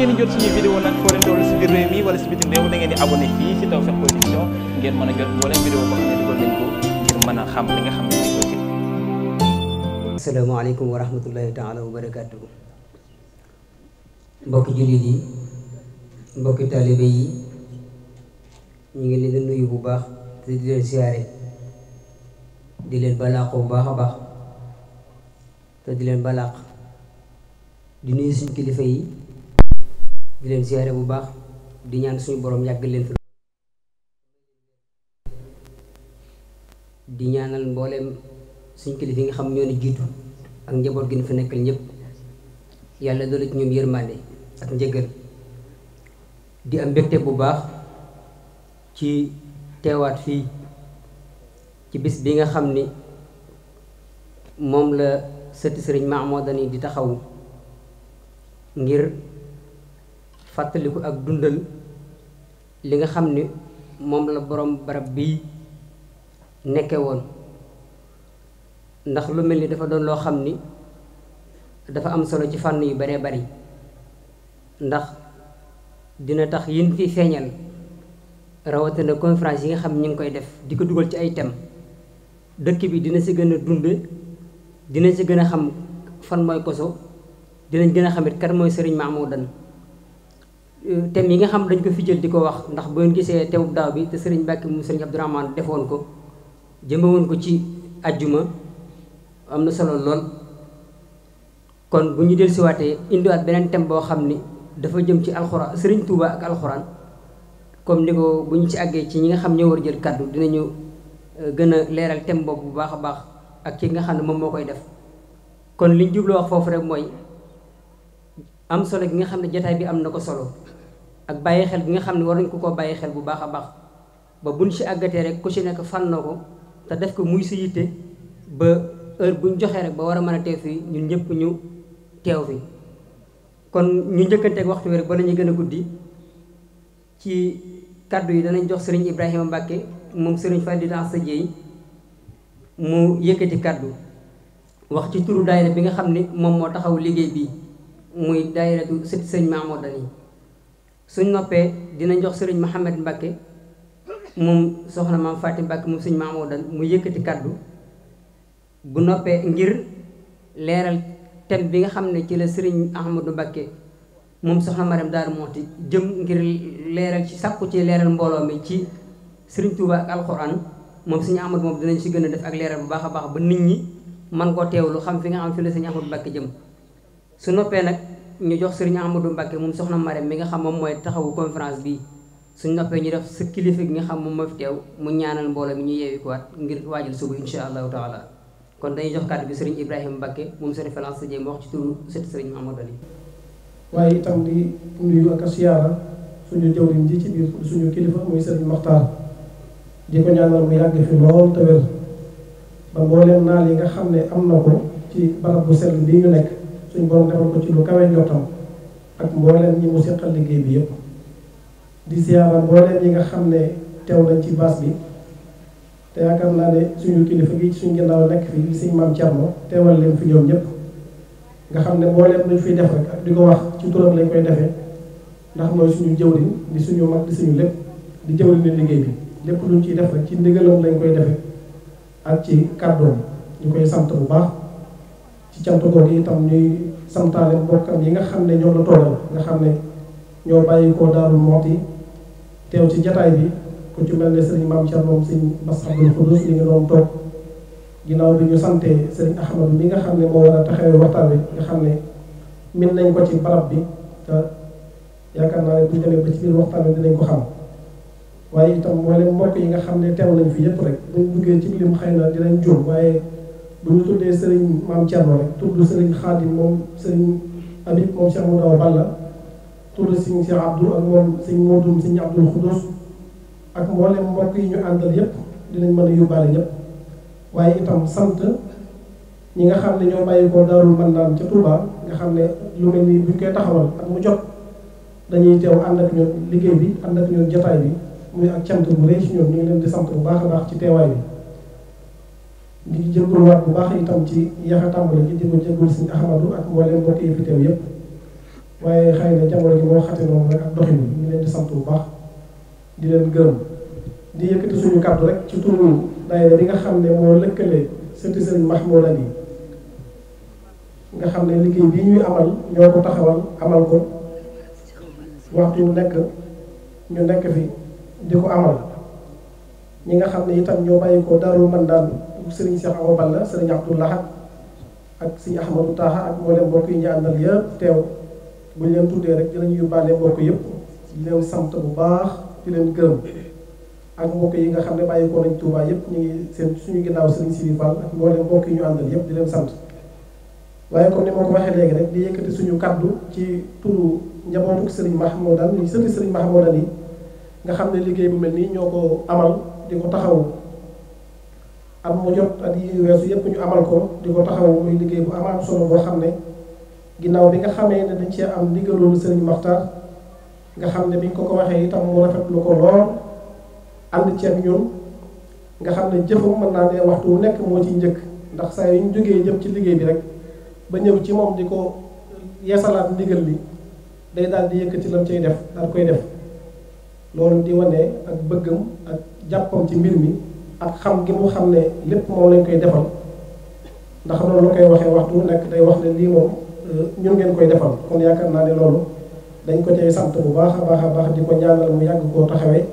ngeen jot suñu vidéo nag foo leen toll si biir réew mi wala si bitim réew da ngeen di abonné fii si Tawfekh Production ngeen mën a jot mboolem vidéo boo xam ne dugal nañ ko ngir mën a xam li nga xam ne moom asalaamaaleykum wa rahmatullahi taala wa barakaatu. mbokki jullit yi mbokki taalibe yi ñu ngi leen di nuyu bu baax te di leen siyaare di leen balaax bu baax a baax te di leen balaax di nuyu suñu kilifa yi. di leen ziare bu baax di ñaan suñu boroom yàgg leen fi di ñaanal mbooleem suñu kilif yi nga xam ñoo ni jiitu ak njaboot gi ñu fi nekkal ñëpp yàlla doole ci ñoom yërmande ak njëgal di am mbégte bu baax ci teewaat fii ci bis bi nga xam ni moom la sëti sëriñ Mahmoudane di taxaw ngir fàttaliku ak dundal li nga xam ni moom la borom barab bi nekke woon ndax lu mel ni dafa doon loo xam ni dafa am solo ci fan yu baree bari ndax dina tax yin fi feeñal rawatina conférence yi nga xam ni ñu ngi koy def di ko dugal ci ay thèmes dëkk bi dina si gën a dund dina si gën a xam fan mooy koso dinañ gën a xamit kan mooy sëriñ Mahmoudan tem yi nga xam dañ ko fi jël di ko wax ndax bu ngeen gisee thème bu daaw bi te sëriñ Mbàkke mu sëriñ Abdourahmane defoon ko jëmewoon ko ci ajjuma am na solo lool kon bu ñu del dellusiwaatee indiwaat beneen tem boo xam ni dafa jëm ci alxuraan sëriñ Touba ak alxuraan comme ni ko bu ñu ci àggee ci ñi nga xam ñoo war jël kàddu dinañu euh, gën a leeral thème boobu bu baax a baax ak ki nga xam ne moom moo koy def kon liñ jubloo wax foofu rek mooy am solo gi nga xam ne jataay bi am na ko solo ak bàyyi xel bi nga xam ne war nañ ko koo bàyyi xel bu baax a baax ba buñ si àggatee rek ku ci nekk fànnoo ko te def ko muy si yitte ba heure buñ joxee rek ba war a mën a teew fii ñun ñëpp ñu teew fi kon ñu njëkkanteeg waxtu wi rek ba nañu gën a guddi ci kàddu yi danañ jox sëriñ Ibrahima Mbàkke moom sëriñ Fallou sa Dieye mu yëkkati kàddu wax ci turu daayira bi nga xam ni moom moo taxawu liggéey bii muy daayiratu sët sëñ Mamour Dani suñ noppee dina jox sëriñ Mouhamed Mbacke moom soxna maam Fatim Mbacke moom sëñ Mamour Dani mu yëkkati kaddu bu noppee ngir leeral thème bi nga xam ne ci la sëriñ Ahmadou Mbacke moom soxna Mariam Daaru Muxti jëm ngir leeral ci sàkku ci leeral mbooloo mi ci sëriñ Touba ak alxuraan moom sëñ Ahmadou moom dinañ si gën a def ak leeral bu baax a baax ba nit ñi man koo teewlu xam fi nga xam fi la sëñ Ahmadou Mbacke jëm su noppee nag ñu jox sëriñ Amadou Mbacke moom soxna Marème mi nga xam moom mooy taxawu conférence bii suñ noppee ñu def si kilifa gi nga xam moom moo fi teew mu ñaanal mbooloo mi ñu ngir waajal suba incha kon dañuy jox kàddu bi sëriñ Ibrahima Mbacke moom sa sa jéem wax ci turu sët sëriñ Amadou waaye a siyaara suñu jawriñ ji ci biir suñu kilifa muy sëriñ Maxtaar di ko ñaanal mu yàgg fi lool te wér ba mbooleem naal yi nga xam ne am na ko ci barab bu sell bii ñu nekk suñ borom defal ko ci lu kawe njottam ak mbooleem ñi mu seqal liggéey bi yëpp di siyaara mbooleem ñi nga xam ne teew nañ ci baas bi te yaakaar naa ne suñu kilifa gi suñ ginnaaw nekk fii di sëñ maam Thierno teewal leen fi ñoom ñëpp nga xam ne mbooleem luñ fiy def rek ak di ko wax ci turam lañ koy defe ndax mooy suñu jëw jëwriñ di suñu mag di suñu lépp di jëwriñu liggéey bi lépp luñ ciy def rek ci ndigalam lañ koy defee ak ci kàddoom ñu koy sant bu baax cant googu itam ñuy santaale mbokkam yi nga xam ne ñoo la nga xam ne ñoo bàyyi koo Daaru ti teew ci jataay bi ku ci mel ne sëriñ maam Thierno moom sëriñ Bass Abdou Khoudoss mi ngi doon toog ginnaaw bi nga xam ne moo war a taxawee waxtaan wi xam ne min nañ ko ci barab bi te yaakaar naa ne bu ñu demee ba ci biir waxtaan wi dinañ ko xam waaye itam moo leen mbokk yi nga xam ne teew nañ fi yëpp rek buñ duggee ci lim xëy na dinañ jur waaye bu ñu tuddee sëriñ maam Thierno rek tudd sëriñ Xaadim moom sëriñ Habib moom Cheikh Moudou Balla tudd sëriñ Cheikh Abdou ak moom sëriñ Modou sëriñ Abdoul Khoudous ak mboolem mbokk yi ñu àndal yépp dinañ mën a yóbbaale ñépp waaye itam sant ñi nga xam ne ñoo bàyyi ko Daarul Mannaan ca Touba nga xam ne lu mel ni buñ koy taxawal ak mu jot dañuy teew ànd ak ñoom liggéey bi ànd ak ñoo jotaay bi muy ak cant bu rëy ci ñoom ñu leen di sant bu baax a baax ci teewaay bi. di jégalu waat bu baax itam ci yéex a ji di ko jégalu suñu Ahmadu ak mboolem mbokk yi fi teew waaye xëy na jamono ji moo xate noonu rek ak doxin sant bu baax di leen gërëm di yëkkati suñu bi nga xam ne moo lëkkale sëti sëriñ Mahmoudane yi nga xam ne liggéey bii ñuy amal ñoo ko amal ko waxtu wu nekk ñu nekk fi di ko amal ñi nga xam ne itam ñoo bàyyi ko Daaru Mandaan sëriñ Cheikh Awa Balla sëriñ Abdou Lahad ak sëriñ Ahmadou taaxa ak mboolem mbokk yi ñu àndal yëpp teew bu ñu leen tuddee rek dinañu yóbbaale mbokk yëpp leen sant bu baax di leen gërëm ak yi nga xam ne bàyyi ko nañ Touba ñu ngi seen suñu ginnaaw sëriñ Sidi Fall ak mbokk yi ñu àndal yëpp di leen sant waaye comme ni ma ko waxee léegi rek di yëkkati suñu kaddu ci turu njabootu sëriñ Mahmoudan ñu sëti sëriñ Mahmoudan yi nga xam ne liggéey bu mel nii ñoo ko amal di ko taxaw am mu jot at yi weesu yëpp ñu amal ko di ko taxaw muy liggéey bu amaam solo boo xam ne ginnaaw bi nga xam ne dañ cee am ndigalul Serigne Makhtar nga xam ne biñ ko ko waxee itam mu rafetlu ko lool ànd ceeb ñun nga xam ne jëfam man naa ne waxtu wu nekk moo ciy njëkk ndax saa yu ñu jógee jëm ci liggéey bi rek ba ñëw ci moom di ko yeesalaat ndigal li day daal di yëkkati lam cay def daal koy def loolu di wane ak bëggam ak jàppam ci mbir mi. ak xam gi mu xam ne lépp moom lañ koy defal ndax loolu la koy waxee waxtu nekk day wax ne lii moom euh, ñun ngeen koy defal kon yaakaar naa ne loolu dañ ko cay sant bu baax a baax a baax di ko ñaanal mu yàgg koo taxawee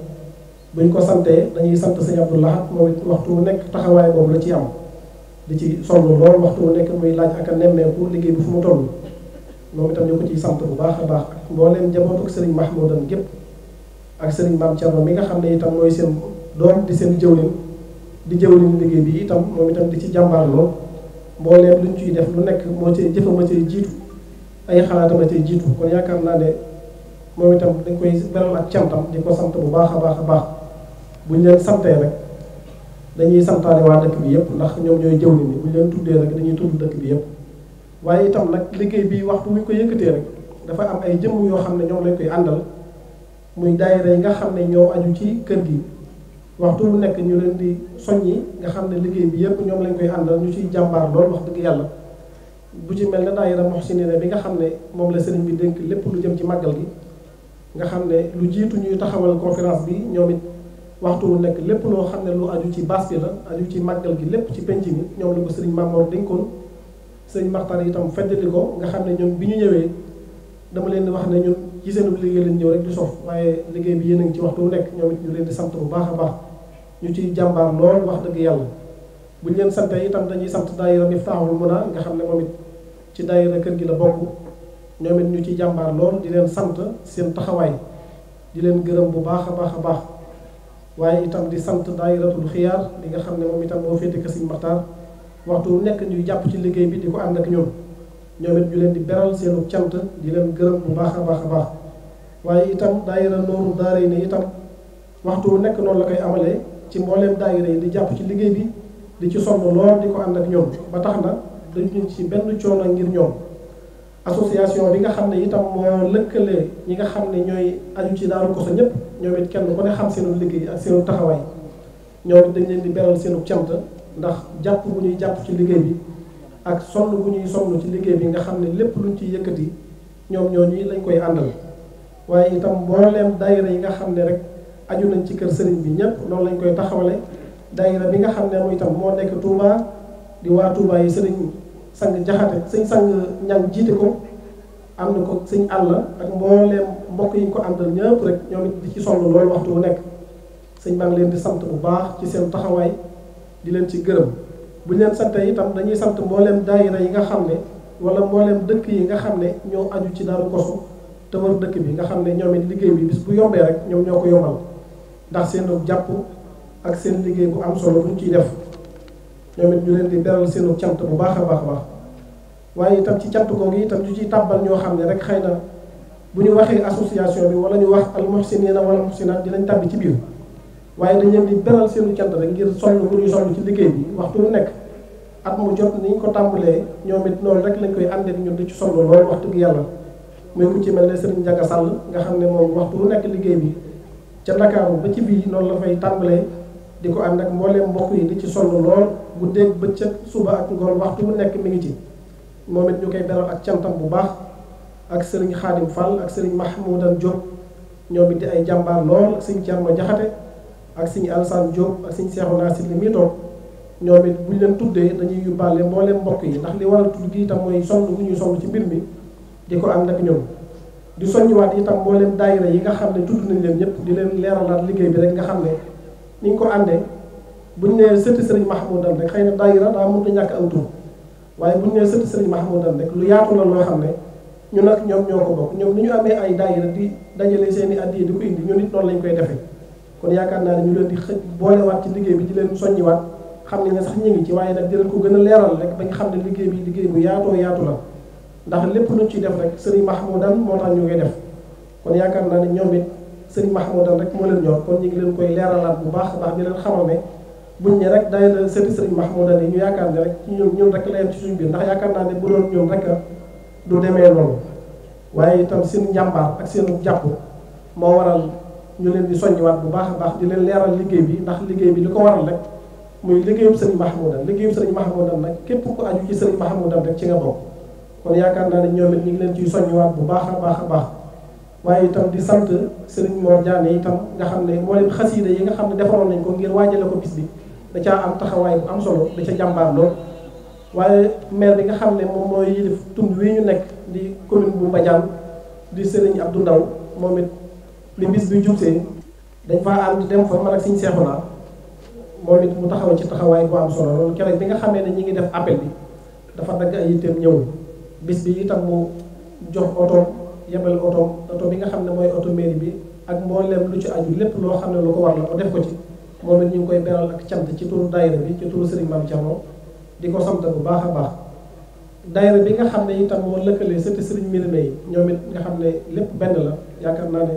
buñ ko santee dañuy sant sëñ Abdou Lahad waxtu wu nekk taxawaay boobu la ci am di ci sonn lool waxtu wu nekk muy laaj ak a nemmeeku liggéey bi fu mu toll moom itam ñu ko sant bu baax a baax ak mbooleem jaboot ak sëriñ Mahmoudan gépp ak sëriñ Maam Thierno mi nga xam ne itam mooy seen doom di seen jëwlin di jëwriñ liggéey bi itam moom itam di ci jàmbaarloo mbooleem luñ ciy def lu nekk moo cay jëfa ma cay jiitu ay xalaatama cay jiitu kon yaakaar naa ne moom itam dañ koy beral ak cantam di ko sant bu baax a baax a baax buñ leen santee rek dañuy santaane waa dëkk bi yëpp ndax ñoom ñooy jëwriñ buñ leen tuddee rek dañuy tudd dëkk bi yëpp waaye itam nag liggéey bi waxtu buñ ko yëkkatee rek dafa am ay jëmm yoo xam ne ñoom lañ koy àndal muy daayira yi nga xam ne ñoo ci kër gi waxtu bu nekk ñu leen di soññi nga xam ne liggéey bi yëpp ñoom lañ koy àndal ñu ciy jàmbaar lool wax dëgg yàlla bu ci mel ne daayira Muhsinina bi nga xam ne moom la sëriñ bi dénk lépp lu jëm ci màggal gi nga xam ne lu jiitu ñuy taxawal conférence bi ñoom it waxtu wu nekk lépp loo xam ne lu aju ci bas bi la aju ci màggal gi lépp ci penc yi ñoom la ko sëriñ Mamor dénkoon sëriñ Maxtar itam feddali ko nga xam ne ñoom bi ñu ñëwee dama leen di wax ne ñun ci seen liggéey lañ ñëw rek di sof waaye liggéey yéen ci waxtu nekk ñoom it ñu leen di sant bu baax a baax ñu ciy jàmbaar lool wax dëgg yàlla bu ñu leen sante itam dañuy sant daayira Miftaahul a nga xam ne moom it ci daayira kër gi la bokk ñoom it ñu ciy jàmbaar lool di leen sant seen taxawaay di leen gërëm bu baax a baax a baax waaye itam di sant daayiratul xiyaar li nga xam ne moom itam moo féete ko Sëñ Maxtaar waxtu wu nekk ñuy jàpp ci liggéey bi di ko ànd ak ñoom ñoom it leen di beral seenu cant di leen gërëm bu baax a baax a baax waaye itam daayira nooru daara yi ne itam waxtu wu nekk noonu la koy amalee ci mbooleem daayira yi di jàpp ci liggéey bi di ci sonn lool di ko ànd ak ñoom ba tax na dañu ci benn coono ngir ñoom association bi nga xam ne itam moo lëkkale ñi nga xam ne ñooy aju ci Daaru Koso ñëpp ñoo it kenn ku ne xam seenu liggéey ak seenu taxawaay ñoom dañ leen di beral seenu cant ndax jàpp bu ñuy jàpp ci liggéey bi ak sonn bu ñuy sonn ci liggéey bi nga xam ne lépp luñ ciy yëkkati ñoom ñooñu lañ koy àndal waaye itam mbooleem daayira yi nga xam ne rek aju nañ ci kër sëriñ bi ñëpp loolu lañ koy taxawale daayira bi nga xam ne mooy itam moo nekk Touba di waa Touba yi sëriñ sang jaxate sëñ sang ñang jiite ko am na ko sëñ àll ak mbooleem mbokk yi ko àndal ñëpp rek ñoom it di ci sonn loolu waxtu wu nekk sëñ maa leen di sant bu baax ci seen taxawaay di leen ci gërëm bu ñu leen santee itam dañuy sant mbooleem daayira yi nga xam ne wala mbooleem dëkk yi nga xam ne ñoo aju ci daal Koso te wër dëkk bi nga xam ne ñoom it liggéey bi bis bu yombee rek ñoom ñoo ko yombal ndax seen jàpp ak seen liggéey bu am solo bu ñu ciy def ñoom it ñu leen di beral seen cant bu baax a baax a baax waaye itam ci cant googu itam ñu ciy tàbbal ñoo xam ne rek xëy na bu ñu waxee association bi wala ñu wax al muhsinina wala muhsinat dinañ tàbbi ci biir waaye dañ leen di benal seen cant rek ngir sonn bu ñuy sonn ci liggéey bi wax bu lu nekk at mu jot ni ko tàmbalee ñoom it noonu rek lañ koy àndee ñun di ci solo loolu wax dëgg yàlla muy ku ci mel ne Serigne Ndiaga Sall nga xam ne moom waxtu lu nekk liggéey bi. ca Ndakaaru ba ci bii noonu la fay tàmbalee di ko ànd ak mbooleem mbokk yi di ci sonn lool guddeeg bëccëg suba ak ngoon waxtu mu nekk mi ngi ci moom it ñu koy beral ak cantam bu baax ak sëriñ Xaadim fal ak sëriñ Mahmoudan Diop ñoom it di ay jàmbaar lool ak sëñ Thierno Jaxate ak sëñ Alsaan Diop ak sëñ naa Si li muy toog ñoom it ñu leen tuddee dañuy yóbbaale mbooleem mbokk yi ndax li waral tudd gi itam mooy sonn gu ñuy sonn ci mbir mi di ko ànd ak ñoom di yi soññiwaat itam leen daayira yi nga xam ne tudd nañ leen ñëpp di leen leeralaat liggéey bi rek nga xam ne ni ñu ko àndee buñ nee sëti sëriñ Mahmoudane rek xëy na daayira daa mënut a ñàkk aw tur waaye buñ nee sëti sëriñ Mahmoudane rek lu yaatu la loo xam ne ñu nag ñoom ñoo ko bokk ñoom ni ñu amee ay daayira di dajale seen i addiya di ko indi ñu nit noonu lañ koy defee kon yaakaar naa ne ñu leen di xëj boolewaat ci liggéey bi di leen soññiwaat xam ne ne sax ñu ngi ci waaye nag di leen ko gën a leeral rek ba nga xam ne liggéey bi liggéey bu yaatoo yaatu la ndax lépp luñ ciy def rek sëriñ Mahmoudan moo tax ñu ngi def kon yaakaar naa ne ñoom it sëriñ Mahmoudan rek moo leen ñor kon ñu ngi leen koy leeralaat bu baax baax di leen xamal ne buñ ne rek day la seeti sëriñ Mahmoudan yi ñu yaakaar ne rek ci ñun ñun rek la yem ci suñu biir ndax ne bu doon ñun rek du demee loolu waaye itam seen njàmbaar ak seen jàpp moo waral ñu leen di soññiwaat bu baax a baax di leen leeral liggéey bi ndax liggéey bi li ko waral rek muy liggéeyub sëriñ Mahmoudan liggéeyub sëriñ Mahmoudan nag képp ku aju ci sëriñ Mahmoudan rek ci nga bokk kon yaakaar naa ne ñoom ñu ngi leen ciy soññiwaat bu baax a baax a baax waaye itam di sant Serigne Mor Diané itam nga xam ne moo leen xasiida yi nga xam ne defaroon nañ ko ngir waajale ko bis bi da am taxawaay am solo da ca waaye maire bi nga xam ne moom mooy yilif tund ñu nekk di commune bu Mbadiane di Serigne Abdou Ndaw moom it li bis bi jubsee dañ fa ànd dem fa man ak Serigne Cheikhouna moom it mu taxaw ci taxawaay bu am solo loolu keroog bi nga xamee ne ñi ngi def appel bi dafa dagg a yitteem ñëw bis bi itam mu jox oto yebal otoom oto bi nga xam ne mooy oto mairie bi ak mboolem lu ci aju lépp loo xam ne lu ko war la ko def ko ci moom it ñu ngi koy beral ak cant ci turu daayira bi ci turu Serigne Mame Diarra di ko sant bu baax a baax daayira bi nga xam ne itam moo lëkkalee sëti Serigne Mirame yi ñoom it nga ne lépp benn la yaakaar naa ne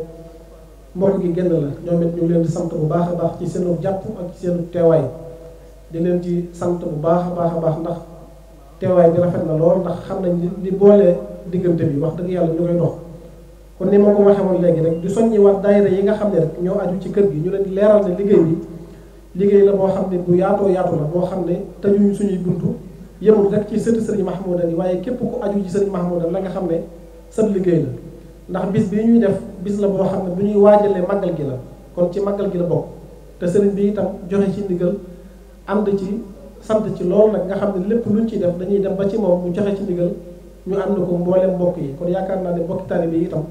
mbokk gi génn la ñoom it ñu leen di sant bu baax a baax ci seenu jàpp ak ci seenu teewaay di leen ci sant bu baax a baax a baax ndax te teewaay bi rafet na lool ndax xam nañ li boole diggante bi wax dëgg yàlla ñu koy dox kon ni ma ko waxee woon léegi rek di soññiwaat daayira yi nga xam ne rek ñoo aju ci kër gi ñu la leeral ne liggéey bi liggéey la boo xam ne bu yaatoo yaatu la boo xam ne tëjuñu suñuy buntu yemul rek ci sëti sëriñ Mahmoudan yi waaye képp ku aju ci sëriñ Mahmoudan la nga xam ne sab liggéey la ndax bis bi ñuy def bis la boo xam ne bu ñuy waajalee màggal gi la kon ci màggal gi la bokk te sëriñ bi itam joxe ci ndigal sant ci loolu nag nga xam ne lépp luñ ciy def dañuy dem ba ci moom mu joxe ci ndigal ñu am na ko mboolem mbokk yi kon yaakaar naa ne mbokki taalibe yi itam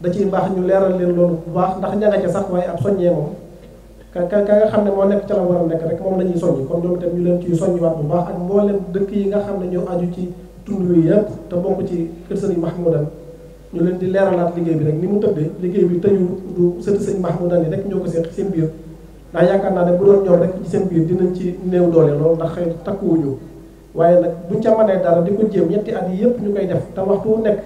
da ciy baax ñu leeral leen loolu bu baax ndax ña nga sax waaye ab soññee moom ka ka ka nga xam ne moo nekk ca la war a nekk rek moom la ñuy soññ kon ñoom itam ñu leen ciy soññiwaat bu baax ak mboolem dëkk yi nga xam ne ñoo aju ci tund yi yëpp te bokk ci kër sëriñ Mahmoudane ñu leen di leeralaat liggéey bi rek ni mu tëddee liggéey bi tëju du sëti sëñ Mahmoudane yi rek ñoo ko seet seen biir ndax yaakaar naa ne bu doon ñoom rek ci seen biir dinañ ci néew doole loolu ndax wu takkuwuñu waaye nag buñ ca mënee dara di ko jéem ñetti at yi yëpp ñu koy def te waxtu wu nekk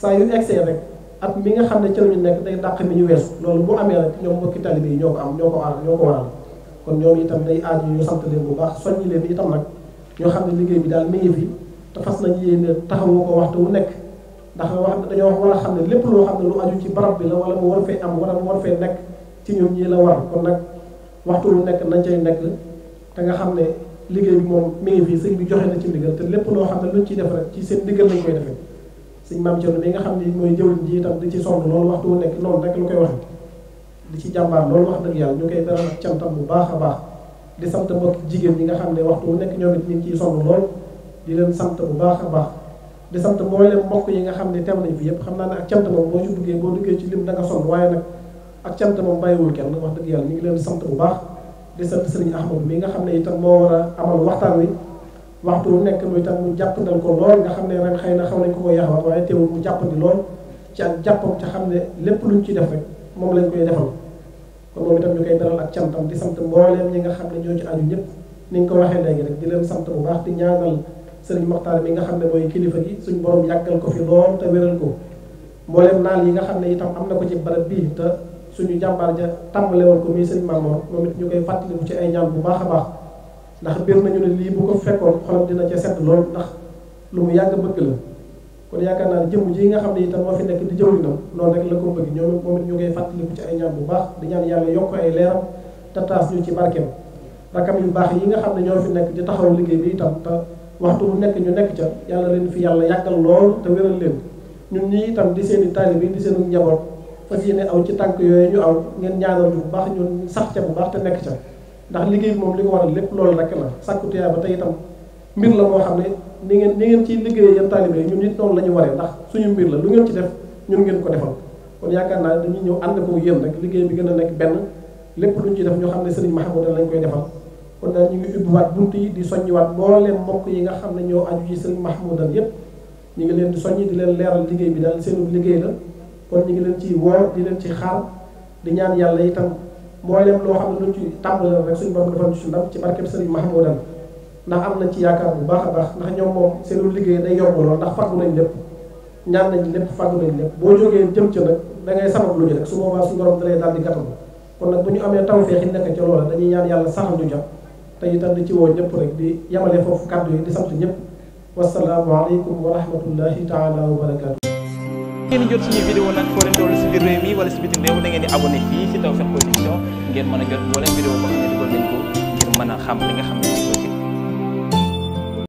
saa yu egsee rek at mi nga xam ne ci la nekk day dàq mi ñu weesu loolu bu amee rek ñoom mbokki talibé yi ñoo ko ñoo ko waral ko waral kon ñoom day aaj ñu sant leen bu baax soññi leen itam nag ñoo xam liggéey bi daal mi ngi fi te fas nañ yéene taxawoo ko waxtu wu nekk ndax wax dañoo wax war xam ne lépp loo xam ne lu aju ci barab bi la wala mu war fee am wala mu war fee nekk ci ñoom ñii la war kon nag waxtu wu nekk nañ cay nekk te nga xam ne liggéey moom mi ngi fii sëñ bi joxe na ci ndigal te lépp loo xam ne luñ ciy def rek ci seen ndigal lañ koy defee sëñ maam Thierno mi nga xam ne mooy jëwriñ ji itam di ci sonn loolu waxtu wu nekk noonu rek lu koy waxee di ci jàmbaar dëgg yàlla ñu koy dara cantam bu baax a baax di sant mbokk jigéen ñi nga xam ne waxtu wu nekk ñoom it ñu ngi ciy sonn lool di leen sant bu baax a baax di sant mboolem mbokk yi nga xam ne teew nañ fi yëpp xam naa ne ak cant moom boo ci duggee boo duggee ci lim da nga sonn waaye nag ak cant moom bàyyiwul kenn wax dëgg yàlla ñu ngi leen sant bu baax di sant sëriñ Ahmadu mi nga xam ne itam moo war a amal waxtaan wi waxtu wu nekk mu itam mu jàppandal ko lool nga xam ne ren xëy na xaw nañ ko ko yaxawal waaye teewul mu lool ci ak jàppam ca xam lépp luñ ci def moom lañ koy defal kon moom itam ñu koy beral ak cantam di sant mbooleem ñi nga xam ne ñoo ci aju ñëpp ni ko waxee léegi rek di leen sant bu baax di ñaanal sëriñ Moxtaar mi nga xam ne mooy kilifa gi suñ borom yàggal ko fi lool te wéral ko mbooleem naal yi nga xam ne itam am na ko ci barab bii te suñu jàmbaar ja tàmbale woon ko muy sëñ Mamoor moom it ñu koy fàttaliku ci ay ñaan bu baax a baax ndax biir nañu ne lii bu ko fekkoon xolam dina ca sedd lool ndax lu mu yàgg bëgg la kon yaakaar naa jëmm ji nga xam ne itam moo fi nekk di jëwriñam noonu rek la ko bëgg ñoom moom it ñu koy fàttaliku ci ay ñaan bu baax di ñaan yàlla yokk ay leeram te taas ñu ci barkeem rakam yu baax yi nga xam ne ñoo fi nekk di taxaw liggéey bi itam te waxtu bu nekk ñu nekk ca yàlla leen fi yàlla yàggal lool te wéral leen ñun ñii itam di seen i taalibe di seen njaboot fas yéene aw ci tànk yooyu ñu aw ngeen ñaanal bu baax ñun sax ca bu baax te nekk ca ndax liggéey bi moom li ko waral lépp loolu rek la sàkku tuyaa ba tey itam mbir la moo xam ne ni ngeen ni ngeen ciy liggéey yéen taalibe ñun nit noonu la ñu waree ndax suñu mbir la lu ngeen ci def ñun ngeen ko defal kon yaakaar naa dañuy ñëw ànd ko yéen rek liggéey bi gën a nekk benn lépp luñ ci def ñoo xam ne sëriñ Mahamoud lañ koy defal kon daal ñu ngi ubbiwaat bunt yi di soññiwaat mbooleem mbokk yi nga xam ne ñoo aju ci ñu ngi leen di soññi di leen leeral liggéey bi daal seenu liggéey la kon ñu ngi leen ci woo di leen ci xaar di ñaan yàlla tam itam mboolem loo xam ne luñ ci tàmbale rek suñu borom defal ci ndam ci barkeb ndax am na ci yaakaar bu baax a baax ndax ñoom moom seenu liggéey day yomb lool ndax fàggu nañ lépp ñaan nañ lépp fàggu nañ lépp boo jógee jëm ca nag da ngay sabab lu ji rek su boobaa suñu borom da lay daal di gàttal kon nag bu ñu amee tawfeex yi nekk ca loola dañuy ñaan yàlla saxal ñu jàpp te itam di ci woo ñëpp rek di yemale foofu kàddu yi di ñëpp wasalaamu aleykum wa rahmatullahi taala wa barakaatu ngeen jot suñu vidéo nag foo leen toll wala si bitim réew da ngeen di abonné fii si Tawfekh Production ngeen mën a jot wala vidéo boo xam ne dugal nañ ko ngir mën a xam li nga xam ne